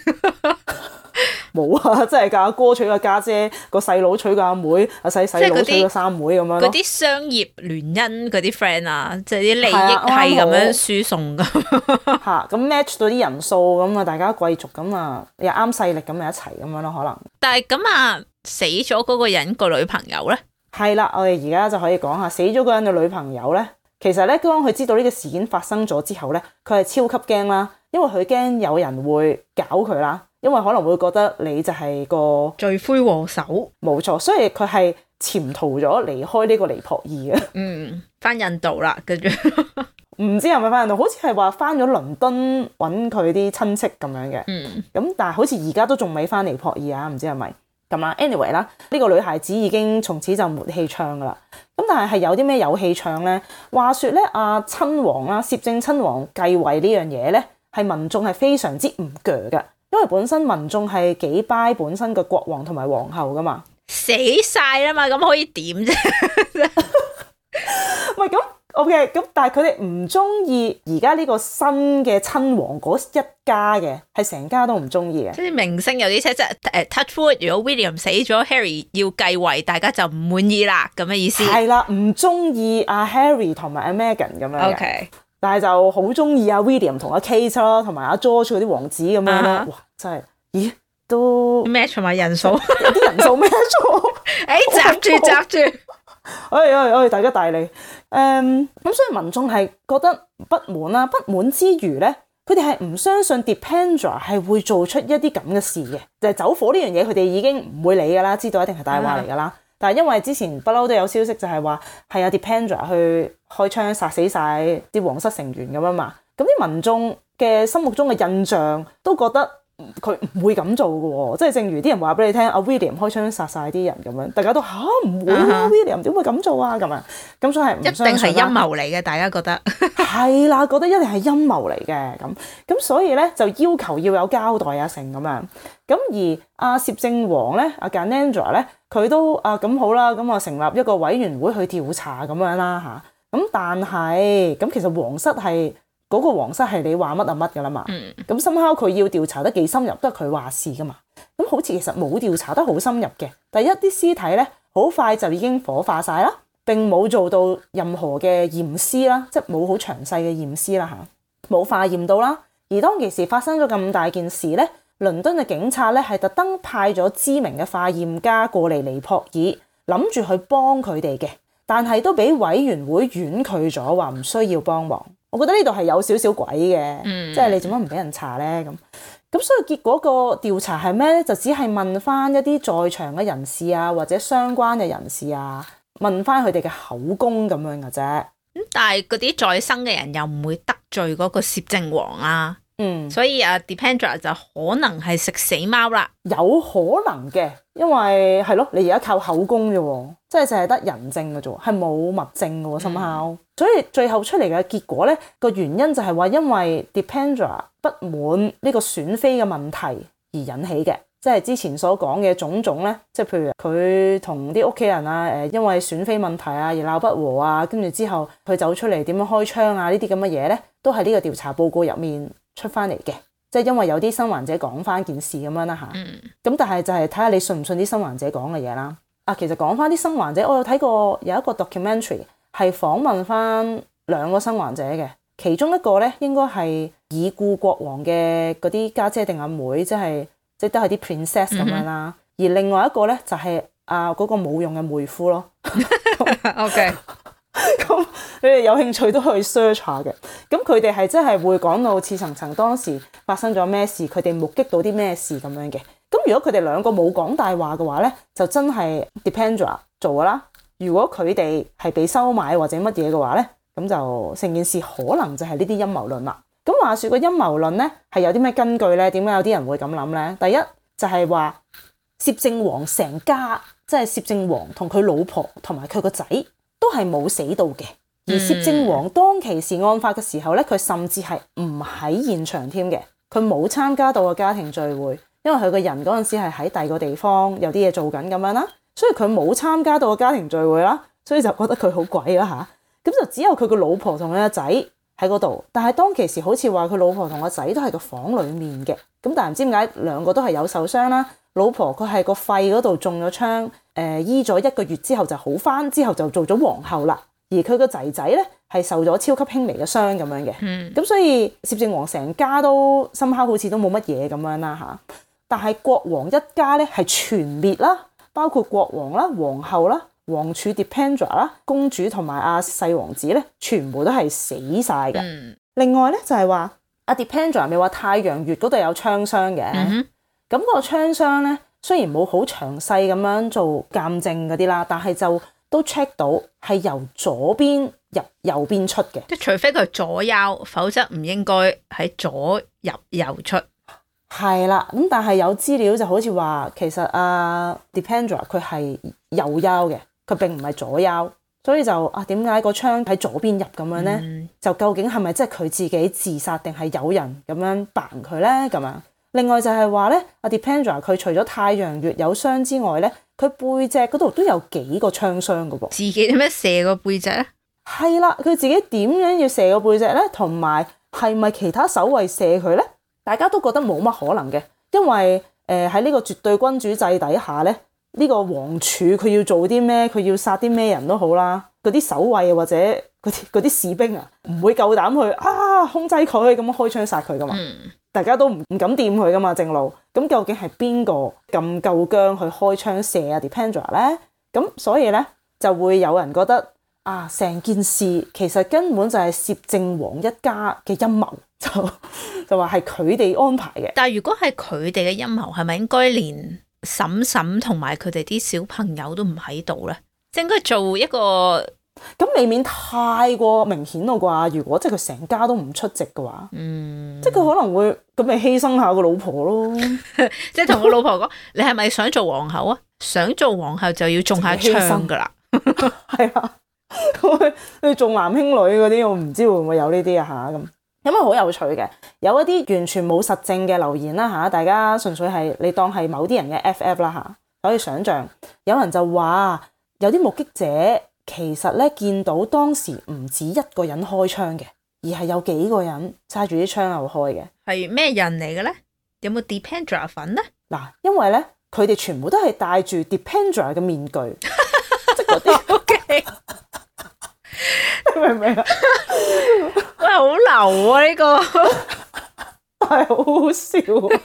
冇啊！真係噶，哥娶個家姐，個細佬娶個阿妹，阿細細佬娶個三妹咁樣。嗰啲商業聯姻，嗰啲 friend 啊，即係啲利益係咁樣輸送噶好。吓咁 match 到啲人數咁啊，大家貴族咁啊，又啱勢力咁咪一齊咁樣咯，可能。但係咁啊，那死咗嗰個人個女朋友咧？係啦，我哋而家就可以講下死咗嗰個人嘅女朋友咧。其實咧，當佢知道呢個事件發生咗之後咧，佢係超級驚啦，因為佢驚有人會搞佢啦。因為可能會覺得你就係個罪魁禍首，冇錯，所以佢係潛逃咗離開呢個尼泊爾嘅，嗯，翻印度啦，跟住唔知係咪翻印度，好似係話翻咗倫敦揾佢啲親戚咁樣嘅，嗯，咁但係好似而家都仲未翻尼泊爾啊，唔知係咪咁啊？Anyway 啦，呢個女孩子已經從此就沒戲唱㗎啦，咁但係係有啲咩有戲唱咧？話說咧，阿親王啊，攝政親王繼位呢樣嘢咧，係民眾係非常之唔鋸嘅。因為本身民眾係幾拜本身嘅國王同埋皇后噶嘛，死晒啦嘛，咁可以點啫？唔係咁，OK，咁但係佢哋唔中意而家呢個新嘅親王嗰一家嘅，係成家都唔中意嘅。即係明星有啲車即係誒，Touchwood。Uh, touch wood, 如果 William 死咗，Harry 要繼位，大家就唔滿意啦。咁嘅意思係啦，唔中意阿 Harry 同埋阿 Meghan 咁樣嘅。Okay. 但係就好中意啊 William 同阿 Kate 咯，同埋阿 George 嗰啲王子咁樣咯，哇真係，咦都 match 埋人數，啲人數咩數？誒，夾住夾住，住哎哎哎，大家大利，誒、嗯，咁所以民眾係覺得不滿啦，不滿之餘咧，佢哋係唔相信 Dependra 係會做出一啲咁嘅事嘅，就係、是、走火呢樣嘢，佢哋已經唔會理噶啦，知道一定係大話嚟噶啦。但因為之前不嬲都有消息，就係話係阿 Dependra 去開槍殺死晒啲皇室成員咁樣嘛，咁啲民眾嘅心目中嘅印象都覺得。佢唔會咁做嘅喎，即係正如啲人話俾你聽，阿 William 開槍殺晒啲人咁樣，大家都嚇唔會 William 點會咁做啊？咁、uh huh. 樣咁所以係唔一定係陰謀嚟嘅，大家覺得係啦， (laughs) 覺得一定係陰謀嚟嘅咁咁，所以咧就要求要有交代啊，成咁樣咁而阿攝、啊、政王咧，阿 Gyanendra 咧，佢都啊咁好啦，咁啊成立一個委員會去調查咁樣啦嚇，咁、啊、但係咁其實皇室係。嗰個皇室係你話乜啊乜㗎啦嘛，咁深烤佢要調查得幾深入都係佢話事㗎嘛。咁好似其實冇調查得好深入嘅，第一啲屍體咧好快就已經火化晒啦，並冇做到任何嘅驗屍啦，即係冇好詳細嘅驗屍啦嚇，冇化驗到啦。而當其時發生咗咁大件事咧，倫敦嘅警察咧係特登派咗知名嘅化驗家過嚟尼泊爾，諗住去幫佢哋嘅，但係都俾委員會婉拒咗，話唔需要幫忙。我覺得呢度係有少少鬼嘅，嗯、即係你做乜唔俾人查咧？咁咁所以結果個調查係咩咧？就只係問翻一啲在場嘅人士啊，或者相關嘅人士啊，問翻佢哋嘅口供咁樣嘅啫。咁但係嗰啲在生嘅人又唔會得罪嗰個攝政王啊？嗯，所以啊，Dependra 就可能係食死貓啦，有可能嘅，因為係咯，你而家靠口供啫，即係淨係得人證嘅啫，係冇物證嘅喎，心口，嗯、所以最後出嚟嘅結果咧，個原因就係話因為 Dependra 不滿呢個選妃嘅問題而引起嘅，即係之前所講嘅種種咧，即係譬如佢同啲屋企人啊，誒，因為選妃問題啊而鬧不和啊，跟住之後佢走出嚟點樣開槍啊這這呢啲咁嘅嘢咧，都喺呢個調查報告入面。出翻嚟嘅，即係因為有啲生還者講翻件事咁樣啦吓，咁但係就係睇下你信唔信啲生還者講嘅嘢啦。啊，其實講翻啲生還者，我有睇過有一個 documentary 係訪問翻兩個生還者嘅，其中一個咧應該係已故國王嘅嗰啲家姐定阿妹，即係即係都係啲 princess 咁樣啦，mm。Hmm。而另外一個咧就係、是、啊嗰、嗰個冇用嘅妹夫咯。 (laughs) (laughs) o、okay. k 咁 (laughs) 你哋有興趣都可以 search 下嘅。咁佢哋係真係會講到似層層當時發生咗咩事，佢哋目擊到啲咩事咁樣嘅。咁如果佢哋兩個冇講大話嘅話咧，就真係 Dipendra 做噶啦。如果佢哋係被收買或者乜嘢嘅話咧，咁就成件事可能就係呢啲陰謀論啦。咁話說個陰謀論咧係有啲咩根據咧？點解有啲人會咁諗咧？第一就係話攝政王成家，即係攝政王同佢老婆同埋佢個仔。都係冇死到嘅。而攝政王當其時案發嘅時候咧，佢甚至係唔喺現場添嘅，佢冇參加到個家庭聚會，因為佢個人嗰陣時係喺第二個地方有啲嘢做緊咁樣啦，所以佢冇參加到個家庭聚會啦，所以就覺得佢好鬼啦，吓，咁就只有佢個老婆同佢個仔喺嗰度，但係當其時好似話佢老婆同個仔都係個房裏面嘅，咁但係唔知點解兩個都係有受傷啦，老婆佢喺個肺嗰度中咗槍。誒、呃、醫咗一個月之後就好翻，之後就做咗皇后啦。而佢個仔仔咧係受咗超級輕微嘅傷咁樣嘅。咁、mm. 所以攝政王成家都深刻，心好似都冇乜嘢咁樣啦嚇、啊。但係國王一家咧係全滅啦，包括國王啦、皇后啦、王儲 Dipendra 啦、公主同埋阿細王子咧，全部都係死晒嘅。Mm. 另外咧就係、是、話阿 Dipendra 咪話太陽穴嗰度有槍傷嘅，咁、mm hmm. 個槍傷咧。雖然冇好詳細咁樣做鑑證嗰啲啦，但係就都 check 到係由左邊入右邊出嘅。即除非佢左右，否則唔應該喺左入右出。係啦，咁但係有資料就好似話，其實啊，Dependra 佢係右優嘅，佢並唔係左右，所以就啊點解個槍喺左邊入咁樣咧？嗯、就究竟係咪即係佢自己自殺定係有人咁樣扮佢咧？咁啊？另外就係話咧，阿 Dipendra 佢除咗太陽穴有傷之外咧，佢背脊嗰度都有幾個槍傷噶噃。自己點樣射個背脊咧？係啦，佢自己點樣要射個背脊咧？同埋係咪其他守衞射佢咧？大家都覺得冇乜可能嘅，因為誒喺呢個絕對君主制底下咧，呢、這個王儲佢要做啲咩？佢要殺啲咩人都好啦，嗰啲守衞或者。嗰啲啲士兵啊，唔會夠膽去啊控制佢咁樣開槍殺佢噶嘛。嗯、大家都唔唔敢掂佢噶嘛？正路咁，究竟係邊個咁夠薑去開槍射啊 Dependra 咧？咁所以咧就會有人覺得啊，成件事其實根本就係攝政王一家嘅陰謀，就就話係佢哋安排嘅。但係如果係佢哋嘅陰謀，係咪應該連嬸嬸同埋佢哋啲小朋友都唔喺度咧？就是、應該做一個。咁未免太過明顯咯啩？如果即係佢成家都唔出席嘅話，嗯、即係佢可能會咁咪犧牲下個老婆咯。即係同個老婆講：你係咪想做皇后啊？想做皇后就要種下槍㗎啦。係犧 (laughs) 是啊，咁佢重男輕女嗰啲，我唔知會唔會有呢啲啊吓，咁。有咩好有趣嘅？有一啲完全冇實證嘅留言啦吓，大家純粹係你當係某啲人嘅 FF 啦吓，可以想像有人就話有啲目擊者。其實咧，見到當時唔止一個人開槍嘅，而係有幾個人揸住啲槍口開嘅。係咩人嚟嘅咧？有冇 Dependra 粉咧？嗱，因為咧佢哋全部都係戴住 Dependra 嘅面具，即係嗰啲。Okay. (laughs) 明唔明 (laughs) 喂啊？我好流啊呢個，我係好好笑、啊，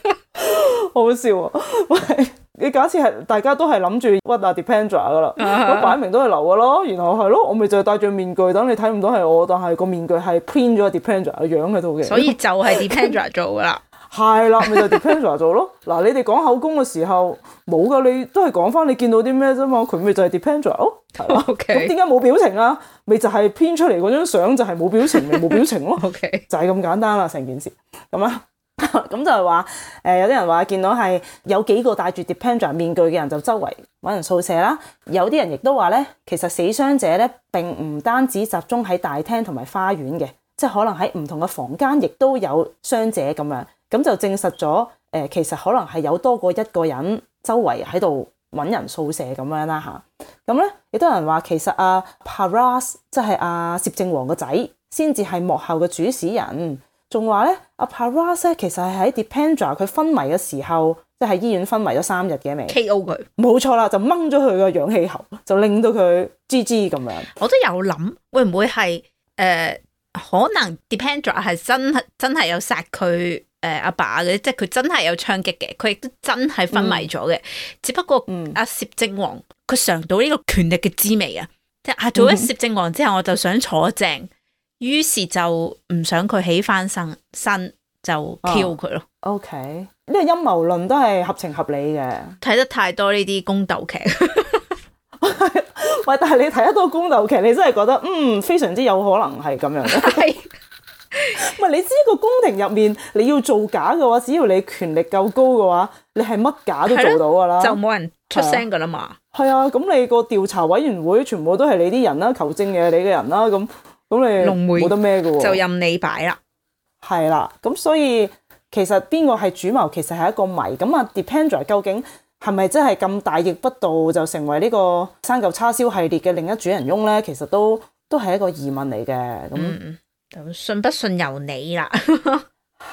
好好笑啊！喂。你假設係大家都係諗住屈啊，Dipendra 嘅啦，咁、uh huh. 擺明都係流嘅咯。然後係咯，我咪就係戴住面具，等你睇唔到係我，但係個面具係編咗個 Dipendra 嘅樣喺度嘅。所以就係 Dipendra 做嘅啦。係啦， (laughs) 咪就是、Dipendra 做咯。嗱， (laughs) 你哋講口供嘅時候冇噶，你都係講翻你見到啲咩啫嘛。佢咪就係 Dipendra，OK 咁點解冇表情啊？咪就係、是、編出嚟嗰張相就係冇表情，咪冇表情咯。OK，就係咁簡單啦，成件事咁啊。咁 (laughs) 就係話，有啲人話見到係有幾個戴住 Dipendra 面具嘅人就周圍揾人掃射啦。有啲人亦都話咧，其實死傷者咧，並唔單止集中喺大廳同埋花園嘅，即係可能喺唔同嘅房間亦都有傷者咁樣。咁就證實咗，其實可能係有多過一個人周圍喺度揾人掃射咁樣啦。咁咧亦都有人話，其實啊 Paras 即係阿、啊、攝政王個仔先至係幕後嘅主使人。仲話咧，阿、啊、Paras 其實係喺 Dependra 佢昏迷嘅時候，即、就、係、是、醫院昏迷咗三日嘅未 K.O 佢他，冇錯啦，就掹咗佢個氧氣喉，就令到佢 GG 咁樣。我都有諗會唔會係誒、呃，可能 Dependra 係真係真係有殺佢誒阿爸嘅，即係佢真係有槍擊嘅，佢亦都真係昏迷咗嘅。嗯、只不過阿、啊、攝政王佢嘗到呢個權力嘅滋味啊！即係做咗攝政王之後，嗯、我就想坐正，於是就唔想佢起返身，身就 kill 佢咯。Oh, OK，呢個陰謀論都係合情合理嘅。睇得太多呢啲宮鬥劇，喂！ (laughs) (laughs) 但係你睇得多宮鬥劇，你真係覺得嗯非常之有可能係咁樣嘅。係，唔係你知個宮廷入面你要造假嘅話，只要你權力夠高嘅話，你係乜假都做到噶啦， (laughs) 就冇人出聲噶啦嘛。係 (laughs) 啊，咁你個調查委員會全部都係你啲人啦，求證嘅你嘅人啦，咁。咁你冇得咩嘅喎？就任你擺啦，係啦。咁 (music) 所以其實邊個係主謀，其實係一個謎。咁啊，Dipendra 究竟係咪真係咁大逆不道，就成為呢個生嚿叉燒系列嘅另一主人翁咧？其實都都係一個疑問嚟嘅。咁，咁、嗯、信不信由你啦。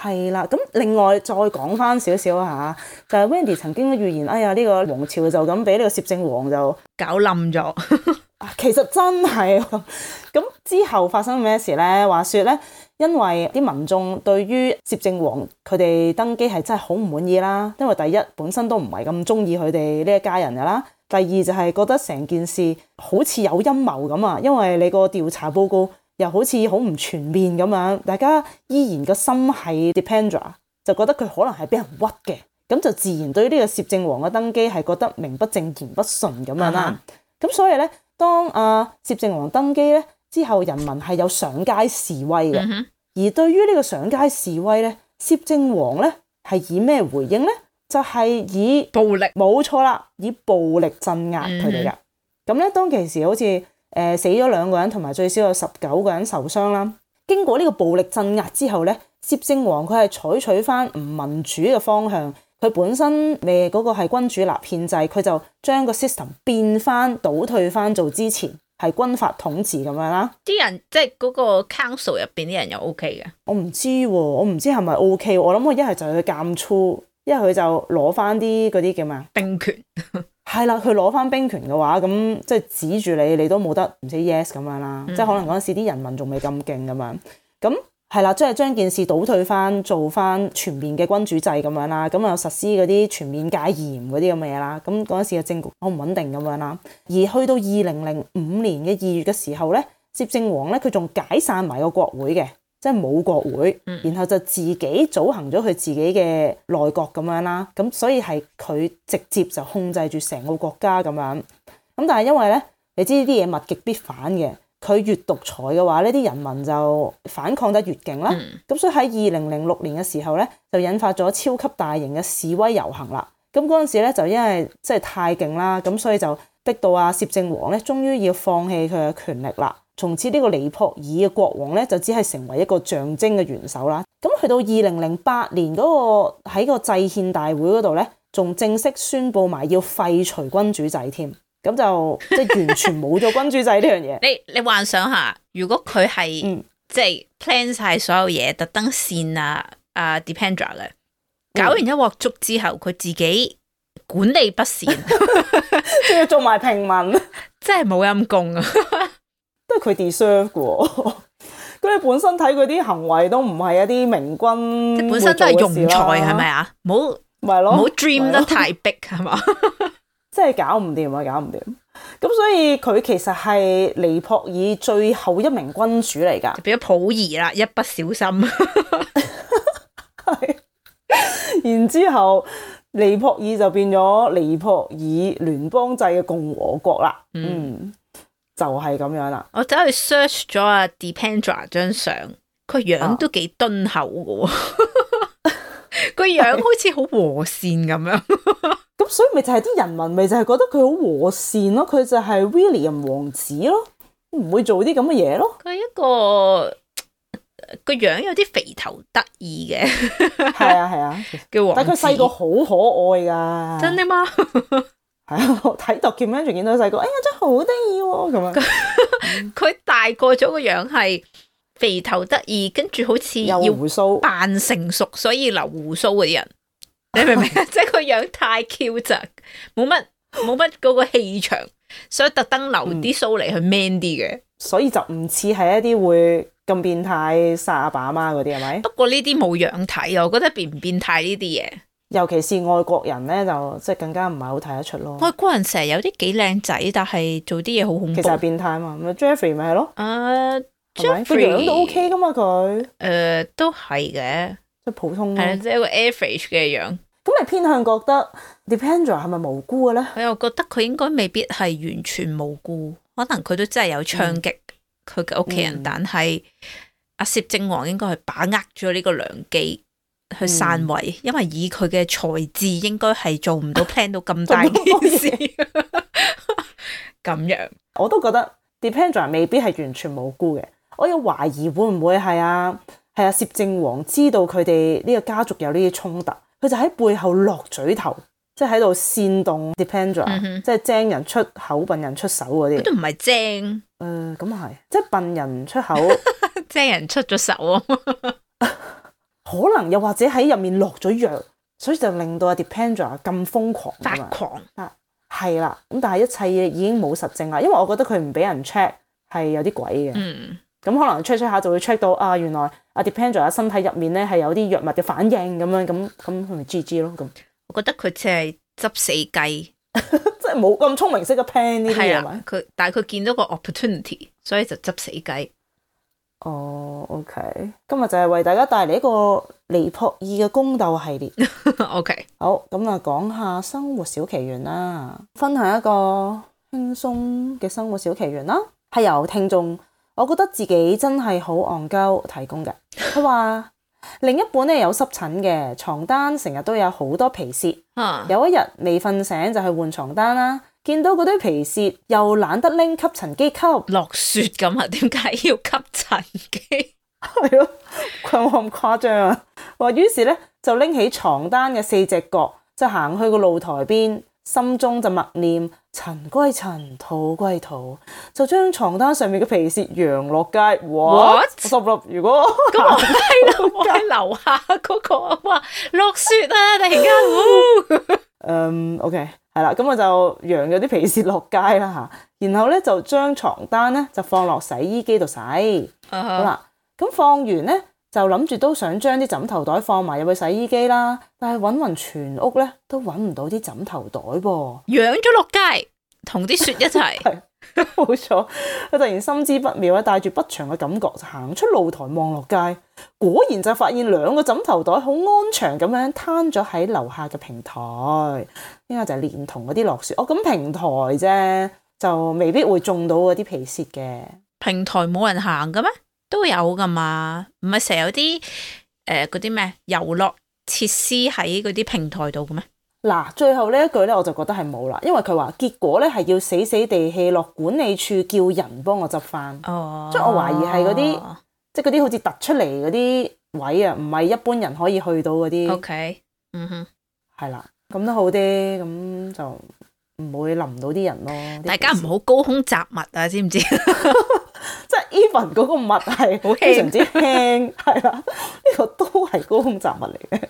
係 (laughs) 啦。咁另外再講翻少少吓，就係、是、Wendy 曾經嘅預言：哎呀，呢、這個王朝就咁俾呢個攝政王就搞冧咗。 (laughs) 其實真係。 (laughs) 咁之後發生咩事咧？話說咧，因為啲民眾對於攝政王佢哋登基係真係好唔滿意啦。因為第一本身都唔係咁中意佢哋呢一家人噶啦，第二就係覺得成件事好似有陰謀咁啊。因為你個調查報告又好似好唔全面咁樣，大家依然個心係 depend on 就覺得佢可能係俾人屈嘅，咁就自然對呢個攝政王嘅登基係覺得名不正言不順咁樣啦。咁、嗯、所以咧，當阿、啊、攝政王登基咧。之後人民係有上街示威嘅，嗯、哼而對於呢個上街示威咧，攝政王咧係以咩回應咧？就係、是、以暴力，冇錯啦，以暴力鎮壓佢哋嘅。咁咧、嗯哼，當其時好似誒、呃、死咗兩個人，同埋最少有十九個人受傷啦。經過呢個暴力鎮壓之後咧，攝政王佢係採取翻唔民主嘅方向，佢本身咩嗰個係君主立憲制，佢就將個 system 變翻倒退翻做之前。係軍法統治咁樣啦，啲人即係嗰個 council 入邊啲人又 OK 嘅，我唔知喎、OK，我唔知係咪 OK，我諗佢一係就去監粗，一係佢就攞翻啲嗰啲叫咩兵權，係 (laughs) 啦，佢攞翻兵權嘅話，咁即係指住你，你都冇得唔知 yes 咁樣啦，嗯、即係可能嗰陣時啲人民仲未咁勁咁樣，咁。係啦，即係將件事倒退翻，做翻全面嘅君主制咁樣啦，咁又實施嗰啲全面戒嚴嗰啲咁嘅嘢啦，咁嗰陣時嘅政局好唔穩定咁樣啦。而去到二零零五年嘅二月嘅時候咧，攝政王咧佢仲解散埋個國會嘅，即係冇國會，然後就自己組行咗佢自己嘅內閣咁樣啦，咁所以係佢直接就控制住成個國家咁樣。咁但係因為咧，你知呢啲嘢物極必反嘅。佢越獨裁嘅話，呢啲人民就反抗得越勁啦。咁、嗯、所以喺二零零六年嘅時候咧，就引發咗超級大型嘅示威遊行啦。咁嗰陣時咧，就因為即係太勁啦，咁所以就逼到阿攝政王咧，終於要放棄佢嘅權力啦。從此呢個尼泊爾嘅國王咧，就只係成為一個象徵嘅元首啦。咁去到二零零八年嗰、那個喺個制憲大會嗰度咧，仲正式宣布埋要廢除君主制添。咁就即係完全冇咗君主制呢樣嘢。 (laughs) 你你幻想下，如果佢係即係 plan 晒所有嘢，特登善啊 Dipendra 嘅，uh, era, 嗯、搞完一鑊粥之後，佢自己管理不善， (laughs) (laughs) 即係做埋平民， (laughs) 真係冇陰功啊！ (laughs) 都係佢 deserve 嘅、哦。咁 (laughs) 本身睇佢啲行為都唔係一啲明君、啊，即本身都係庸才係咪啊？唔好唔好 dream 得太 big，係咪？係嘛了。吧 (laughs) 即係搞唔掂啊，搞唔掂。咁所以佢其實係尼泊爾最後一名君主嚟噶，就變咗溥儀啦，一不小心。係。 (laughs) (laughs) 然之後尼泊爾就變咗尼泊爾聯邦制嘅共和國啦。嗯，嗯，就係、是、咁樣啦。我走去 search 咗阿 Dipendra 張相，佢樣子都幾敦厚。 (laughs) 個樣好似好和善咁樣是，咁 (laughs) 所以咪就係啲人民咪就係覺得佢好和善咯，佢就係 William 王子咯，唔會做啲咁嘅嘢咯。佢一個個樣有啲肥頭得意嘅，係啊係啊，啊叫王子，但係佢細個好可愛噶，真的嗎？係 (laughs) 啊， (laughs) (laughs) (laughs) 睇到《Game Angel》見到細個，哎呀真係好得意喎，咁樣。佢大個咗個樣係。肥頭得意，跟住好似要鬍鬚扮成熟，胡所以留鬍鬚啲人，你明唔明啊？ (laughs) 即係 (laughs) 個樣太 Q 仔，冇乜冇乜嗰個氣場，所以特登留啲鬚嚟去 man 啲嘅。所以就唔似係一啲會咁變態殺阿爸阿媽嗰啲係咪？不過呢啲冇樣睇啊！我覺得變唔變態呢啲嘢，尤其是外國人咧，就即係更加唔係好睇得出咯。外國人成日有啲幾靚仔，但係做啲嘢好恐怖，其實變態嘛，咪 Jeffrey 咪係咯，誒。Uh, 個 (music) 樣都 OK 噶嘛佢，誒、呃，都係嘅，即係普通，係即係個 average 嘅樣。咁你偏向覺得 Dependra 係咪無辜嘅咧？ (music) 我又覺得佢應該未必係完全無辜，可能佢都真係有槍擊佢嘅屋企人，嗯嗯，但係阿攝政王應該係把握咗呢個良機去散圍，嗯、因為以佢嘅才智，應該係做唔到 plan 到咁大件事。咁 (laughs) (laughs) 樣，我都覺得 Dependra 未必係完全無辜嘅。我有懷疑會唔會係啊係啊，攝政王知道佢哋呢個家族有呢啲衝突，佢就喺背後落嘴頭，即係喺度煽動 Dependra，嗯哼。Dependra 即係精人出口笨人出手嗰啲都唔係精。誒、嗯，咁啊係，即係笨人出口， (laughs) 精人出咗手啊。 (laughs) 可能又或者喺入面落咗藥，所以就令到啊 Dependra 咁瘋狂發狂啊，係啦。咁但係一切嘢已經冇實證啦，因為我覺得佢唔俾人 check 係有啲鬼嘅。嗯。咁可能 check check 下就會 check 到啊，原來阿 Dipendra 身體入面咧，係有啲藥物嘅反應咁樣，咁咁佢咪 GG 咯，咁。我覺得佢似係執死雞，即係冇咁聰明識嘅 plan 呢啲係嘛？佢，但係佢見到個 opportunity，所以就執死雞。哦、oh，OK，今日就係為大家帶嚟一個尼泊爾嘅宮鬥系列。 (laughs) OK，好，咁啊，講下生活小奇緣啦，分享一個輕鬆嘅生活小奇緣啦，係由聽眾。我覺得自己真係好戇鳩」提供嘅，佢話 (laughs) 另一半咧有濕疹嘅床單，成日都有好多皮屑。啊， (laughs) 有一日未瞓醒就去換床單啦，見到嗰堆皮屑又懶得拎吸塵機吸，落雪咁 (laughs) (laughs) (laughs) (laughs) 啊？點解要吸塵機？係咯，佢咁誇張啊！話於是咧就拎起床單嘅四隻角，就行去個露台邊。心中就默念塵歸塵，土歸土，就將床單上面嘅皮屑揚落街。哇！What? 濕立立，如果咁落街我喺樓下嗰、嗰個，哇，落雪啊！突然間， (laughs) 嗯，OK，係啦，咁我就揚咗啲皮屑落街啦吓，然後咧就將床單咧就放落洗衣機度洗。Uh huh. 好啦，咁放完咧。就諗住都想將啲枕頭袋放埋入去洗衣機啦，但係搵匀全屋咧都搵唔到啲枕頭袋噃，養咗落街同啲雪一齊，係冇錯。佢突然心知不妙啊，帶住不祥嘅感覺就行出露台望落街，果然就發現兩個枕頭袋好安詳咁樣攤咗喺樓下嘅平台，呢個就係連同嗰啲落雪。哦，咁平台啫，就未必會中到嗰啲皮屑嘅。平台冇人行嘅咩？都有噶嘛？唔係成日有啲誒嗰啲咩遊樂設施喺嗰啲平台度嘅咩？嗱，最後呢一句呢，我就覺得係冇啦，因為佢話結果呢係要死死地氣落管理處叫人幫我執翻，即係、哦、我懷疑係嗰啲即係嗰啲好似突出嚟嗰啲位啊，唔係一般人可以去到嗰啲。OK，嗯哼，係啦，咁都好啲，咁就唔會淋到啲人咯。大家唔好高空雜物啊，知唔知？ (laughs) Even 嗰個物係非常之輕的，係啦 (laughs) 是吧，呢 (laughs) 個都係高空雜物嚟嘅。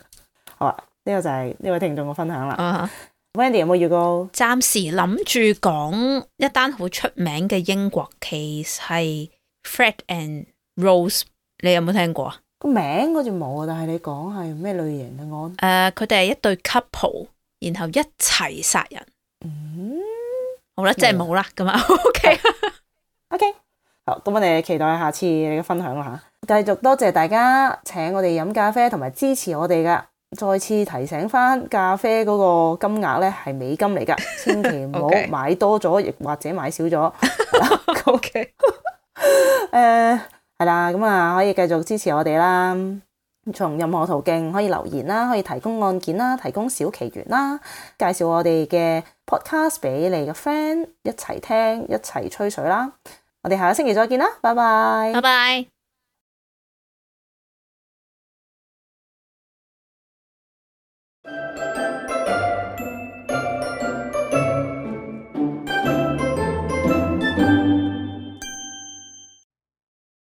好啊，呢、呢個就係呢位聽眾嘅分享啦。Uh huh. Wendy 有冇遇過？暫時諗住講一單好出名嘅英國 case 係 Fred and Rose，你有冇聽過啊？個名好似冇，啊，但係你講係咩類型啊？我誒，佢哋係一對 couple，然後一齊殺人。嗯、mm，好、hmm. 啦，即係冇啦，咁啊，OK，OK。好，咁我哋期待下次你嘅分享啦吓，繼續多謝大家請我哋飲咖啡同埋支持我哋噶，再次提醒返咖啡嗰個金額咧係美金嚟噶，千祈唔好買多咗，亦 (laughs) 或者買少咗。OK，誒，係啦，咁啊可以繼續支持我哋啦，從任何途徑可以留言啦，可以提供案件啦，提供小奇懸啦，介紹我哋嘅 podcast 俾你嘅 friend 一齊聽，一齊吹水啦。我哋下個星期再見啦，拜拜。拜拜。